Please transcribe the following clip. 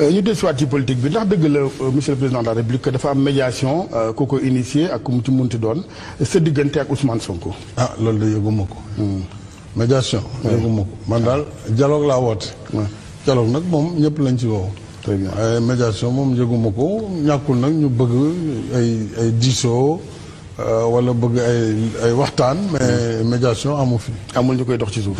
Euh, ñu del siwaat ci politique bi ndax dëgg la euh, monsieur le président de la république dafa am médiation euh, ku ko initié ak ku mu ci munti doon sa diggante ak son ko ah loolu de yëguma ko. Hmm. médiation. yëguma ko daal dialogue laa woote. dialogue nag moom ñëpp lañ ci woow. médiation moom yëguma ko ñàkkul nag ñu bëgg ay ay diisoo wala bëgg ay ay waxtaan. mais hmm. médiation amu amul ñu koy dox ci suuf.